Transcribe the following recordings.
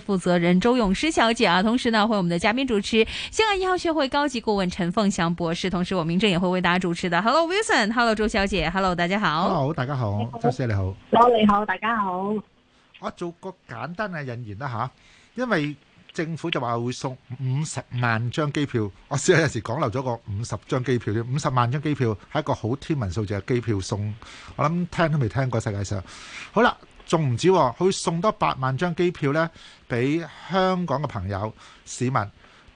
負責人周詠詩小姐啊，同時呢會我們的嘉賓主持香港一號學會高級顧問陳鳳翔博士，同時我明正也會為大家主持的。Hello Wilson，Hello 周小姐，Hello 大家好，Hello 大家好，Hello. 周 Sir 你好，Hello、oh, 你好，大家好。我做個簡單嘅引言啦吓，因為政府就話會送五十萬張機票，我試下有時講漏咗個五十張機票，五十萬張機票係一個好天文數字嘅機票送，我諗聽都未聽過世界上。好啦。仲唔止、啊，佢送多八萬張機票呢，俾香港嘅朋友市民，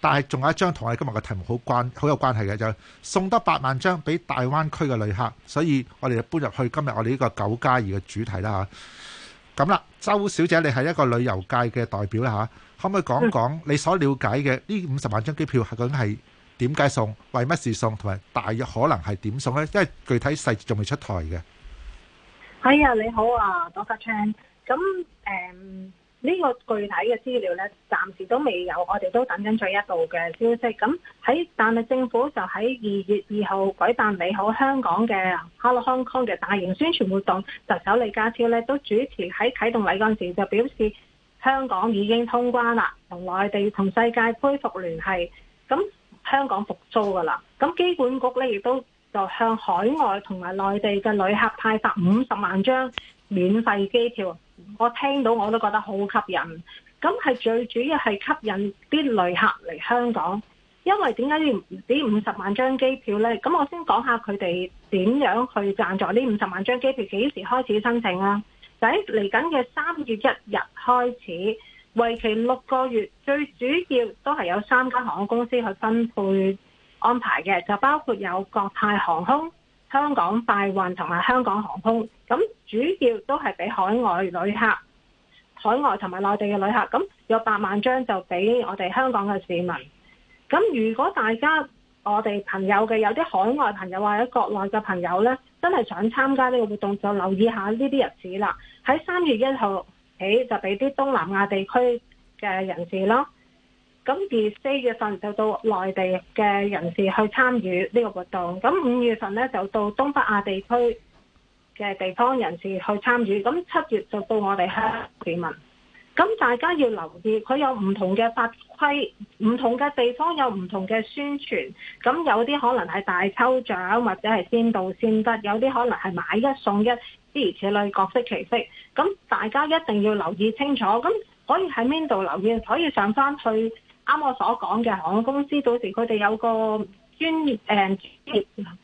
但係仲有一張同我哋今日嘅題目好關好有關係嘅，就係、是、送多八萬張俾大灣區嘅旅客。所以我哋就搬入去今日我哋呢個九加二嘅主題啦吓，咁啦，周小姐你係一個旅遊界嘅代表啦吓、啊，可唔可以講講你所了解嘅呢五十萬張機票究竟係點解送、為乜事送，同埋大約可能係點送呢？因為具體細節仲未出台嘅。係、哎、啊，你好啊，doctor 咁誒，呢、嗯，這個具體嘅資料呢，暫時都未有，我哋都等緊最一度嘅消息。咁喺，但係政府就喺二月二號舉辦美好香港嘅 Hello Hong Kong 嘅大型宣傳活動，特首李家超呢都主持喺啟動禮嗰陣時就表示，香港已經通關啦，同內地同世界恢復聯繫，咁香港復甦噶啦。咁機管局呢亦都。就向海外同埋內地嘅旅客派發五十萬張免費機票，我聽到我都覺得好吸引。咁係最主要係吸引啲旅客嚟香港，因為點解要唔止五十萬張機票咧？咁我先講下佢哋點樣去贊助呢五十萬張機票，幾時開始申請啊，就喺嚟緊嘅三月一日開始，為期六個月，最主要都係有三間航空公司去分配。安排嘅就包括有國泰航空、香港快運同埋香港航空，咁主要都係俾海外旅客、海外同埋內地嘅旅客，咁有八萬張就俾我哋香港嘅市民。咁如果大家我哋朋友嘅有啲海外朋友或者國內嘅朋友呢，真係想參加呢個活動，就留意下呢啲日子喇。喺三月一號起就俾啲東南亞地區嘅人士咯。咁而四月份就到內地嘅人士去參與呢個活動，咁五月份呢就到東北亞地區嘅地方人士去參與，咁七月就到我哋香港市民。咁大家要留意，佢有唔同嘅法規，唔同嘅地方有唔同嘅宣傳，咁有啲可能係大抽獎或者係先到先得，有啲可能係買一送一，諸如此類各色其色。咁大家一定要留意清楚。咁可以喺邊度留意？可以上翻去。啱我所講嘅航空公司，到時佢哋有個專業誒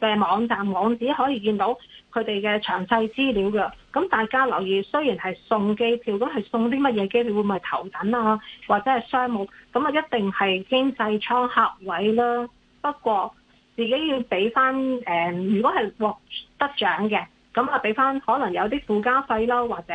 嘅網站網址，可以見到佢哋嘅詳細資料嘅。咁大家留意，雖然係送機票，咁係送啲乜嘢機票？會唔會係頭等啊？或者係商務？咁啊，一定係經濟艙客位啦。不過自己要俾翻誒，如果係獲得獎嘅，咁啊俾翻可能有啲附加費囉，或者。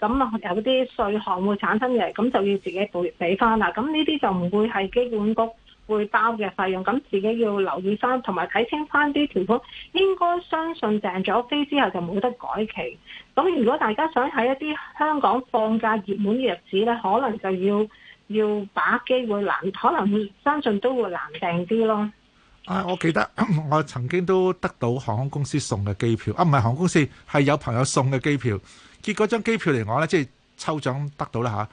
咁啊，有啲稅項會產生嘅，咁就要自己補俾翻啦。咁呢啲就唔會係機管局會包嘅費用，咁自己要留意翻，同埋睇清翻啲條款。應該相信訂咗飛之後就冇得改期。咁如果大家想喺一啲香港放假熱門嘅日子咧，可能就要要把機會難，可能相信都會難訂啲咯。啊，我記得我曾經都得到航空公司送嘅機票，啊，唔係航空公司係有朋友送嘅機票。結果張機票嚟講呢，即係抽獎得到啦吓。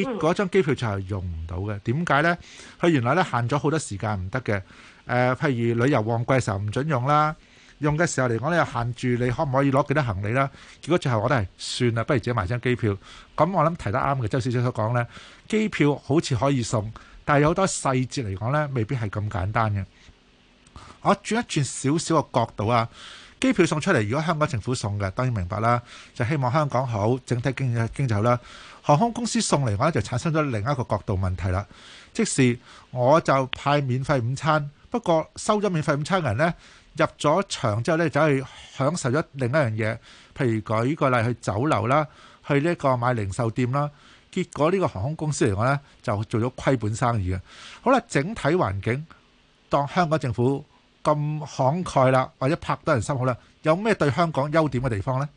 結果張機票就係用唔到嘅。點解呢？佢原來呢，限咗好多時間唔得嘅。誒、呃，譬如旅遊旺季嘅時，時候唔準用啦。用嘅時候嚟講呢，又限住你可唔可以攞幾多行李啦。結果最後我都係算啦，不如自己買張機票。咁我諗提得啱嘅，周小姐所講呢，機票好似可以送，但係有好多細節嚟講呢，未必係咁簡單嘅。我轉一轉少少嘅角度啊！機票送出嚟，如果香港政府送嘅，當然明白啦，就希望香港好，整體經濟經濟好啦。航空公司送嚟我呢，就產生咗另一個角度問題啦。即使我就派免費午餐，不過收咗免費午餐嘅人呢，入咗場之後呢，就去享受咗另一樣嘢，譬如舉個例去酒樓啦，去呢個買零售店啦，結果呢個航空公司嚟講呢，就做咗虧本生意嘅。好啦，整體環境當香港政府，咁慷慨啦，或者拍得人心好啦，有咩對香港優點嘅地方呢？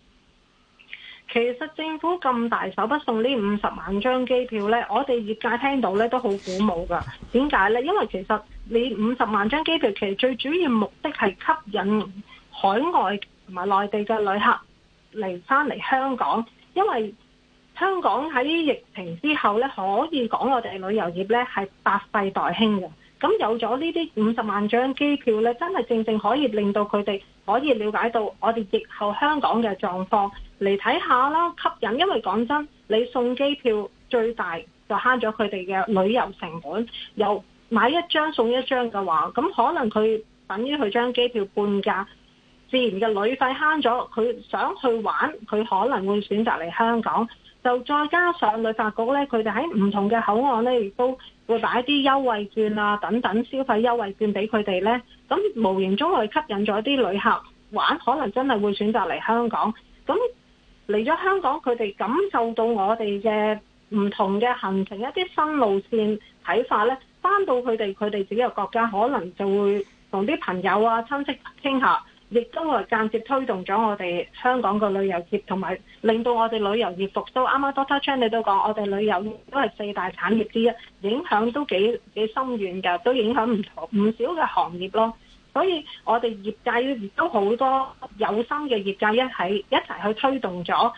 其實政府咁大手筆送呢五十萬張機票呢，我哋業界聽到呢都好鼓舞㗎。點解呢？因為其實你五十萬張機票，其實最主要目的係吸引海外同埋內地嘅旅客嚟翻嚟香港。因為香港喺疫情之後呢，可以講我哋旅遊業呢係百廢待興嘅。咁有咗呢啲五十萬張機票咧，真係正正可以令到佢哋可以了解到我哋疫後香港嘅狀況，嚟睇下啦，吸引。因為講真，你送機票最大就慳咗佢哋嘅旅遊成本。又買一張送一張嘅話，咁可能佢等於佢將機票半價，自然嘅旅費慳咗。佢想去玩，佢可能會選擇嚟香港。就再加上旅發局咧，佢哋喺唔同嘅口岸咧亦都。會擺啲優惠券啊，等等消費優惠券俾佢哋呢，咁無形中去吸引咗啲旅客玩，可能真係會選擇嚟香港。咁嚟咗香港，佢哋感受到我哋嘅唔同嘅行程、一啲新路線睇法呢，返到佢哋佢哋自己嘅國家，可能就會同啲朋友啊、親戚傾下。亦都係間接推動咗我哋香港嘅旅遊業，同埋令到我哋旅遊業復甦。啱啱 Doctor Chan 你都講，我哋旅遊業都係四大產業之一，影響都幾幾深遠㗎，都影響唔唔少嘅行業咯。所以我哋業界亦都好多有心嘅業界一起一齊去推動咗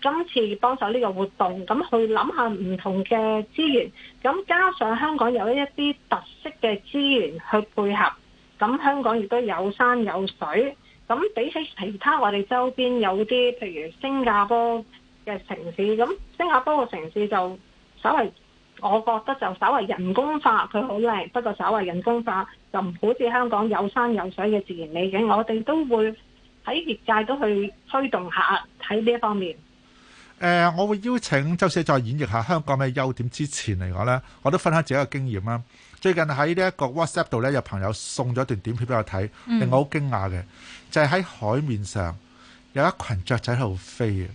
今次幫手呢個活動，咁去諗下唔同嘅資源，咁加上香港有一啲特色嘅資源去配合。咁香港亦都有山有水，咁比起其他我哋周邊有啲，譬如新加坡嘅城市，咁新加坡嘅城市就稍為，我覺得就稍為人工化，佢好靚，不過稍為人工化，就唔好似香港有山有水嘅自然美景。我哋都會喺業界都去推動下睇呢一方面。誒、呃，我會邀請周小姐再演繹一下香港嘅優點。之前嚟講呢，我都分享自己嘅經驗啦。最近喺呢一個 WhatsApp 度呢，有朋友送咗一段短片俾我睇，令我好驚訝嘅、嗯、就係、是、喺海面上有一群雀仔喺度飛、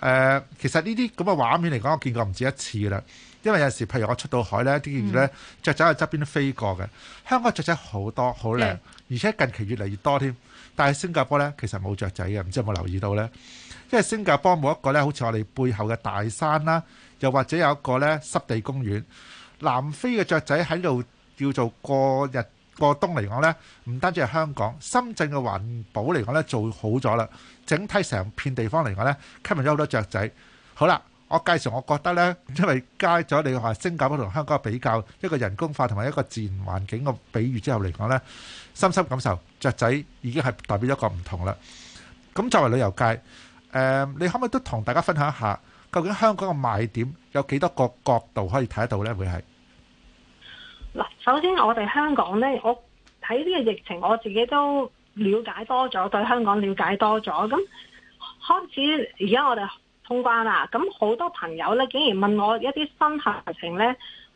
呃、其實呢啲咁嘅畫面嚟講，我見過唔止一次啦。因為有時譬如我出到海呢，啲嘢呢，雀仔喺側邊都飛過嘅。香港雀仔好多，好靚。嗯而且近期越嚟越多添，但係新加坡呢，其實冇雀仔嘅，唔知有冇留意到呢？因為新加坡冇一個呢，好似我哋背後嘅大山啦，又或者有一個呢濕地公園。南非嘅雀仔喺度叫做過日過冬嚟講呢，唔單止係香港、深圳嘅環保嚟講呢，做好咗啦，整體成片地方嚟講呢，吸引咗好多雀仔。好啦，我介紹我覺得呢，因為加咗你話新加坡同香港比較，一個人工化同埋一個自然環境嘅比喻之後嚟講呢。深深感受，雀仔已經係代表一個唔同啦。咁作為旅遊界，誒、呃，你可唔可以都同大家分享一下，究竟香港嘅賣點有幾多個角度可以睇得到呢？會係嗱，首先我哋香港呢，我喺呢個疫情，我自己都了解多咗，對香港了解多咗。咁開始而家我哋通關啦，咁好多朋友呢，竟然問我一啲新行程呢。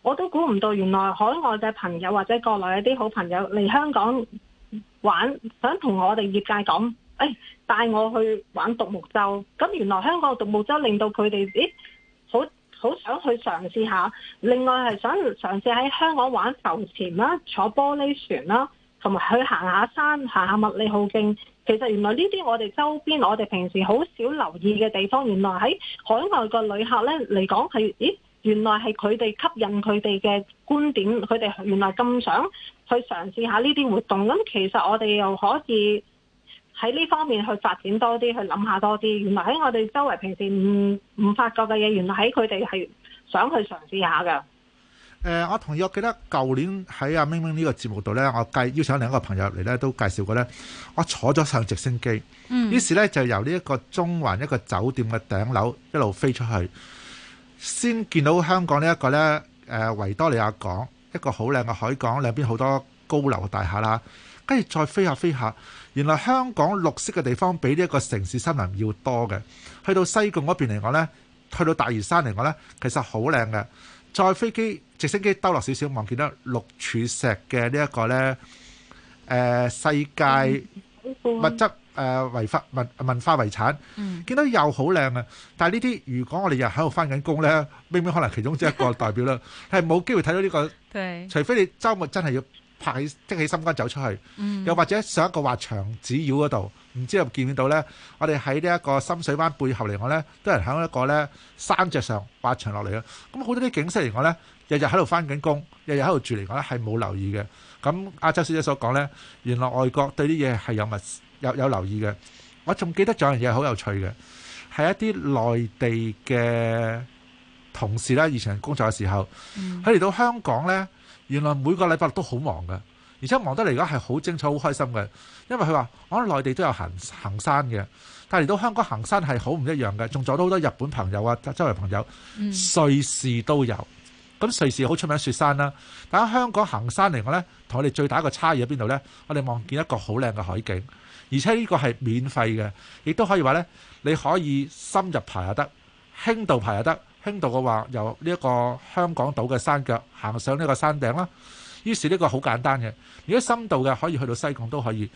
我都估唔到，原來海外嘅朋友或者國內一啲好朋友嚟香港玩，想同我哋業界講，誒、哎、帶我去玩獨木舟。咁原來香港獨木舟令到佢哋，咦，好好想去嘗試下。另外係想嘗試喺香港玩浮潛啦，坐玻璃船啦，同埋去行下山，行下麥理浩徑。其實原來呢啲我哋周邊，我哋平時好少留意嘅地方，原來喺海外個旅客咧嚟講係，咦？原來係佢哋吸引佢哋嘅觀點，佢哋原來咁想去嘗試下呢啲活動。咁其實我哋又可以喺呢方面去發展多啲，去諗下多啲。原來喺我哋周圍平時唔唔發覺嘅嘢，原來喺佢哋係想去嘗試下嘅。誒、呃，我同意。我記得舊年喺阿明明呢個節目度呢，我介邀請兩個朋友入嚟呢都介紹過呢。我坐咗上直升機。嗯，於是呢就由呢一個中環一個酒店嘅頂樓一路飛出去。先見到香港呢、這、一個呢誒、呃、維多利亞港一個好靚嘅海港，兩邊好多高樓大廈啦。跟住再飛下飛下，原來香港綠色嘅地方比呢一個城市森林要多嘅。去到西貢嗰邊嚟講呢，去到大嶼山嚟講呢，其實好靚嘅。再飛機直升機兜落少少望，見到綠柱石嘅呢一個呢誒、呃、世界物質。誒，遺物文化遺產，見到又好靚啊！但係呢啲，如果我哋日日喺度返緊工咧，明明可能其中之一個代表啦，係冇機會睇到呢個。除非你週末真係要拍起即起心肝走出去，又或者上一個滑牆、紙繞嗰度，唔知又見唔到咧。我哋喺呢一個深水灣背後嚟講咧，都係喺一個咧山脊上滑牆落嚟嘅。咁好多啲景色嚟講咧，日日喺度返緊工，日日喺度住嚟講咧係冇留意嘅。咁阿周小姐所講咧，原來外國對啲嘢係有密。有有留意嘅，我仲記得仲有樣嘢好有趣嘅，係一啲內地嘅同事咧，以前工作嘅時候，佢、嗯、嚟到香港呢，原來每個禮拜都好忙嘅，而且忙得嚟而家係好精彩、好開心嘅，因為佢話我喺內地都有行行山嘅，但係嚟到香港行山係好唔一樣嘅，仲做到好多日本朋友啊，周圍朋友瑞士、嗯、都有。咁瑞士好出名雪山啦，但喺香港行山嚟講呢，同我哋最大一個差異喺邊度呢？我哋望見一個好靚嘅海景，而且呢個係免費嘅，亦都可以話呢，你可以深入爬又得，輕度爬又得。輕度嘅話，由呢一個香港島嘅山腳行上呢個山頂啦。於是呢個好簡單嘅，如果深度嘅可以去到西貢都可以。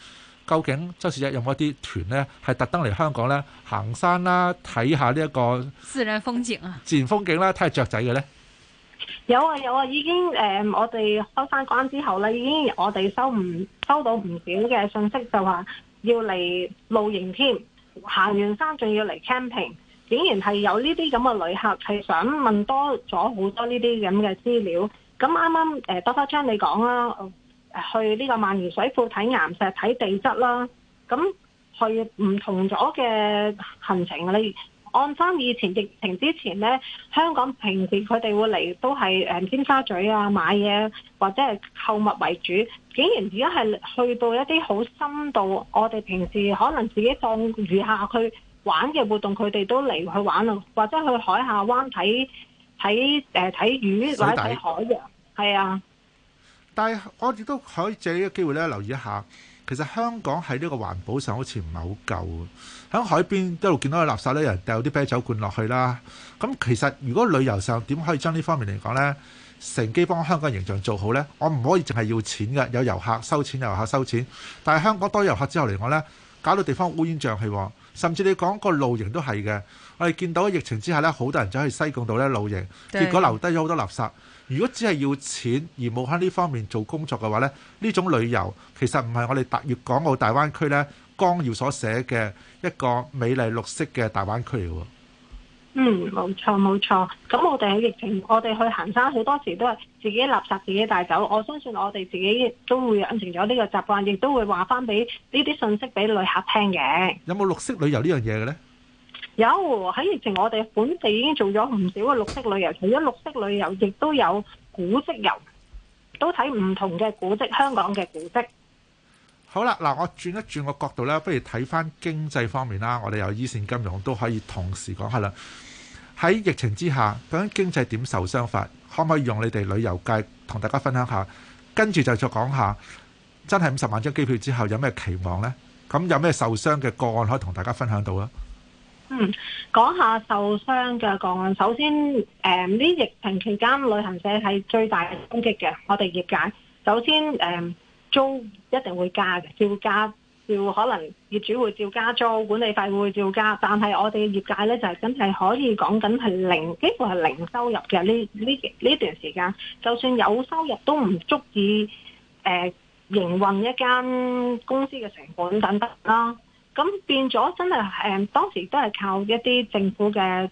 究竟周小姐有冇一啲團呢？係特登嚟香港呢，行山啦，睇下呢、這、一個自然風景啊？自然風景啦，睇下雀仔嘅呢。有啊有啊，已經誒、嗯，我哋開翻關之後咧，已經我哋收唔收到唔少嘅信息，就話要嚟露營添，行完山仲要嚟 camping，竟然係有呢啲咁嘅旅客係想問多咗好多呢啲咁嘅資料。咁啱啱誒多花你講啦，去呢個萬源水庫睇岩石睇地質啦，咁去唔同咗嘅行程你按翻以前疫情之前咧，香港平時佢哋會嚟都係誒尖沙咀啊買嘢或者係購物為主，竟然而家係去到一啲好深度，我哋平時可能自己放魚下去玩嘅活動，佢哋都嚟去玩咯，或者去海下灣睇睇誒睇魚或者睇海洋，係啊。但係我亦都可以借呢個機會咧，留意一下，其實香港喺呢個環保上好似唔係好夠喎。喺海邊一路見到嘅垃圾咧，有人掉啲啤酒罐落去啦。咁其實如果旅遊上點可以將呢方面嚟講咧，乘機幫香港形象做好咧，我唔可以淨係要錢嘅。有遊客收錢，有遊客收錢。但係香港多遊客之後嚟講咧，搞到地方烏煙瘴氣。甚至你講個露營都係嘅。我哋見到疫情之下咧，好多人走去西貢度咧露營，結果留低咗好多垃圾。如果只係要錢而冇喺呢方面做工作嘅話咧，呢種旅遊其實唔係我哋特粵港澳大灣區咧光耀所寫嘅一個美麗綠色嘅大灣區嚟喎。嗯，冇錯冇錯。咁我哋喺疫情，我哋去行山好多時都係自己垃圾自己帶走。我相信我哋自己都會養成咗呢個習慣，亦都會話翻俾呢啲信息俾旅客聽嘅。有冇綠色旅遊呢樣嘢嘅呢？有喺疫情，我哋本地已經做咗唔少嘅綠色旅遊。除咗綠色旅遊，亦都有古跡遊，都睇唔同嘅古跡，香港嘅古跡。好啦，嗱，我轉一轉個角度啦，不如睇返經濟方面啦。我哋有醫線金融都可以同時講下啦。喺疫情之下，究竟經濟點受傷法？可唔可以用你哋旅遊界同大家分享一下？跟住就再講下，真係五十萬張機票之後有咩期望呢？咁有咩受傷嘅個案可以同大家分享到啊？嗯，講下受傷嘅個案。首先，誒、呃，呢疫情期間旅行社係最大嘅攻擊嘅，我哋業界。首先，誒、呃，租一定會加嘅，照加，照可能業主會照加租，管理費會照加。但係我哋業界咧就係真係可以講緊係零，幾乎係零收入嘅呢呢呢段時間。就算有收入都唔足以誒營運一間公司嘅成本等等啦。咁變咗真係誒，當時都係靠一啲政府嘅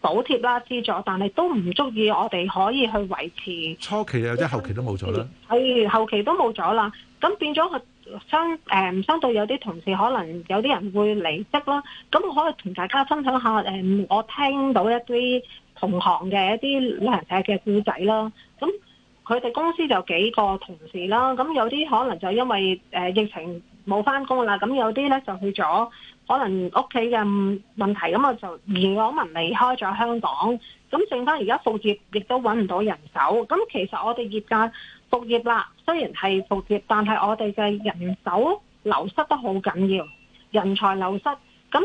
補貼啦、資助，但係都唔足以我哋可以去維持。初期有啲，或者後期都冇咗啦。係後期都冇咗啦。咁變咗佢相誒、嗯、相對有啲同事可能有啲人會離職啦。咁我可以同大家分享下誒，我聽到一啲同行嘅一啲旅行社嘅故仔啦。咁佢哋公司就幾個同事啦。咁有啲可能就因為誒疫情。冇翻工啦，咁有啲咧就去咗，可能屋企嘅問題，咁我就移民離開咗香港。咁剩翻而家復業，亦都揾唔到人手。咁其實我哋業界復業啦，雖然係復業，但係我哋嘅人手流失得好緊要，人才流失。咁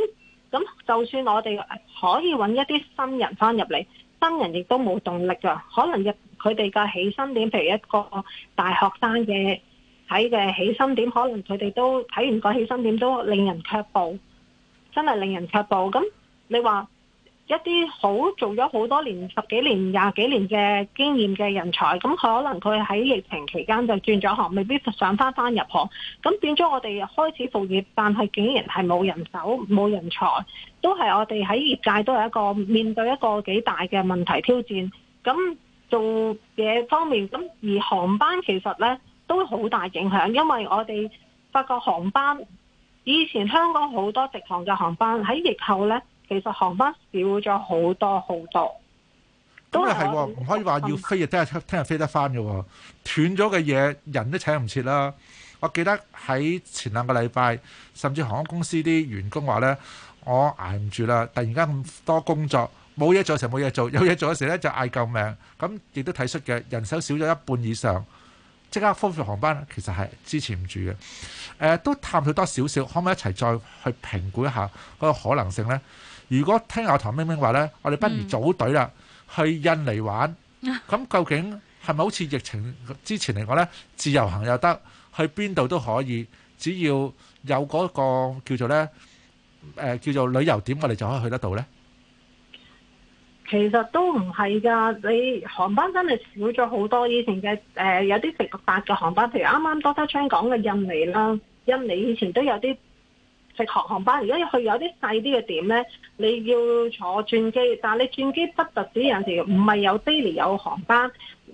咁就算我哋可以揾一啲新人翻入嚟，新人亦都冇動力噶，可能入佢哋嘅起薪點，譬如一個大學生嘅。睇嘅起薪點，可能佢哋都睇完個起薪點都令人卻步，真係令人卻步。咁你話一啲好做咗好多年、十幾年、廿幾年嘅經驗嘅人才，咁可能佢喺疫情期間就轉咗行，未必想翻翻入行。咁變咗我哋開始復業，但係竟然係冇人手、冇人才，都係我哋喺業界都係一個面對一個幾大嘅問題挑戰。咁做嘢方面，咁而航班其實呢。都好大影響，因為我哋發覺航班以前香港好多直航嘅航班喺疫後呢，其實航班少咗好多好多。都又係唔可以話要飛日，亦聽日聽日飛得翻嘅、哦，斷咗嘅嘢人都請唔切啦。我記得喺前兩個禮拜，甚至航空公司啲員工話呢，我捱唔住啦，突然間咁多工作，冇嘢做嘅時候冇嘢做，有嘢做嘅時候呢，就嗌救命。咁亦都睇出嘅人手少咗一半以上。即刻封住航班，其實係支持唔住嘅。誒、呃，都探討多少少，可唔可以一齊再去評估一下嗰個可能性呢？如果聽阿唐冰冰話呢，我哋不如組隊啦、嗯，去印尼玩。咁究竟係咪好似疫情之前嚟講呢？自由行又得，去邊度都可以，只要有嗰個叫做呢，誒、呃、叫做旅遊點，我哋就可以去得到呢。其實都唔係噶，你航班真係少咗好多。以前嘅，誒、呃，有啲直達嘅航班，譬如啱啱 Doctor 張講嘅印尼啦，印尼以前都有啲直航航班。而家去有啲細啲嘅點呢？你要坐轉機。但係你轉機不特止有時唔係有 daily 有航班。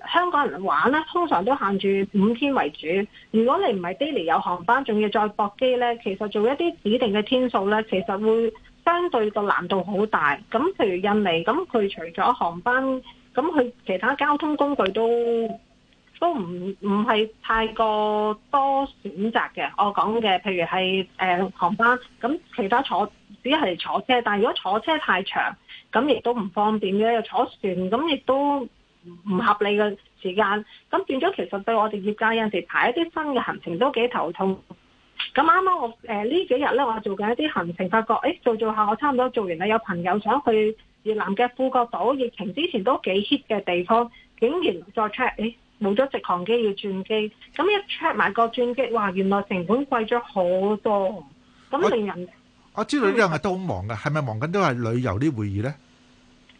香港人玩呢，通常都限住五天為主。如果你唔係 daily 有航班，仲要再駁機呢，其實做一啲指定嘅天數呢，其實會。相對個難度好大，咁譬如印尼咁，佢除咗航班，咁佢其他交通工具都都唔唔係太過多選擇嘅。我講嘅譬如係誒、呃、航班，咁其他坐只係坐車，但係如果坐車太長，咁亦都唔方便嘅。坐船咁亦都唔合理嘅時間，咁變咗其實對我哋業界有陣時排一啲新嘅行程都幾頭痛。咁啱啱我、呃、幾呢幾日咧，我做緊一啲行程，發覺、欸、做做下，我差唔多做完啦。有朋友想去越南嘅富國島，疫情之前都幾 hit 嘅地方，竟然再 check 誒冇咗直航機要轉機，咁一 check 埋個轉機，哇！原來成本貴咗好多，咁令人我，我知道呢樣係都好忙㗎，係、嗯、咪忙緊都係旅遊啲會議咧？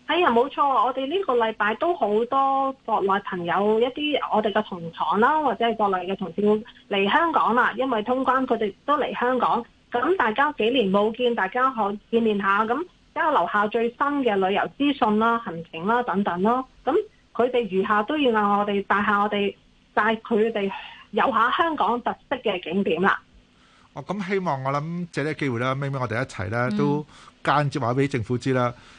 哎呀，冇錯，我哋呢個禮拜都好多國內朋友，一啲我哋嘅同牀啦，或者係國內嘅同事會嚟香港啦，因為通關佢哋都嚟香港，咁大家幾年冇見，大家可見面下，咁交流下最新嘅旅遊資訊啦、行程啦等等咯。咁佢哋餘下都要嗌我哋帶下我哋帶佢哋遊下香港特色嘅景點啦。我、哦、咁希望，我諗借呢個機會咧，咩咩我哋一齊啦，都間接話俾政府知啦。嗯嗯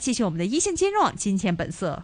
繼續，我們的一線金融金錢本色。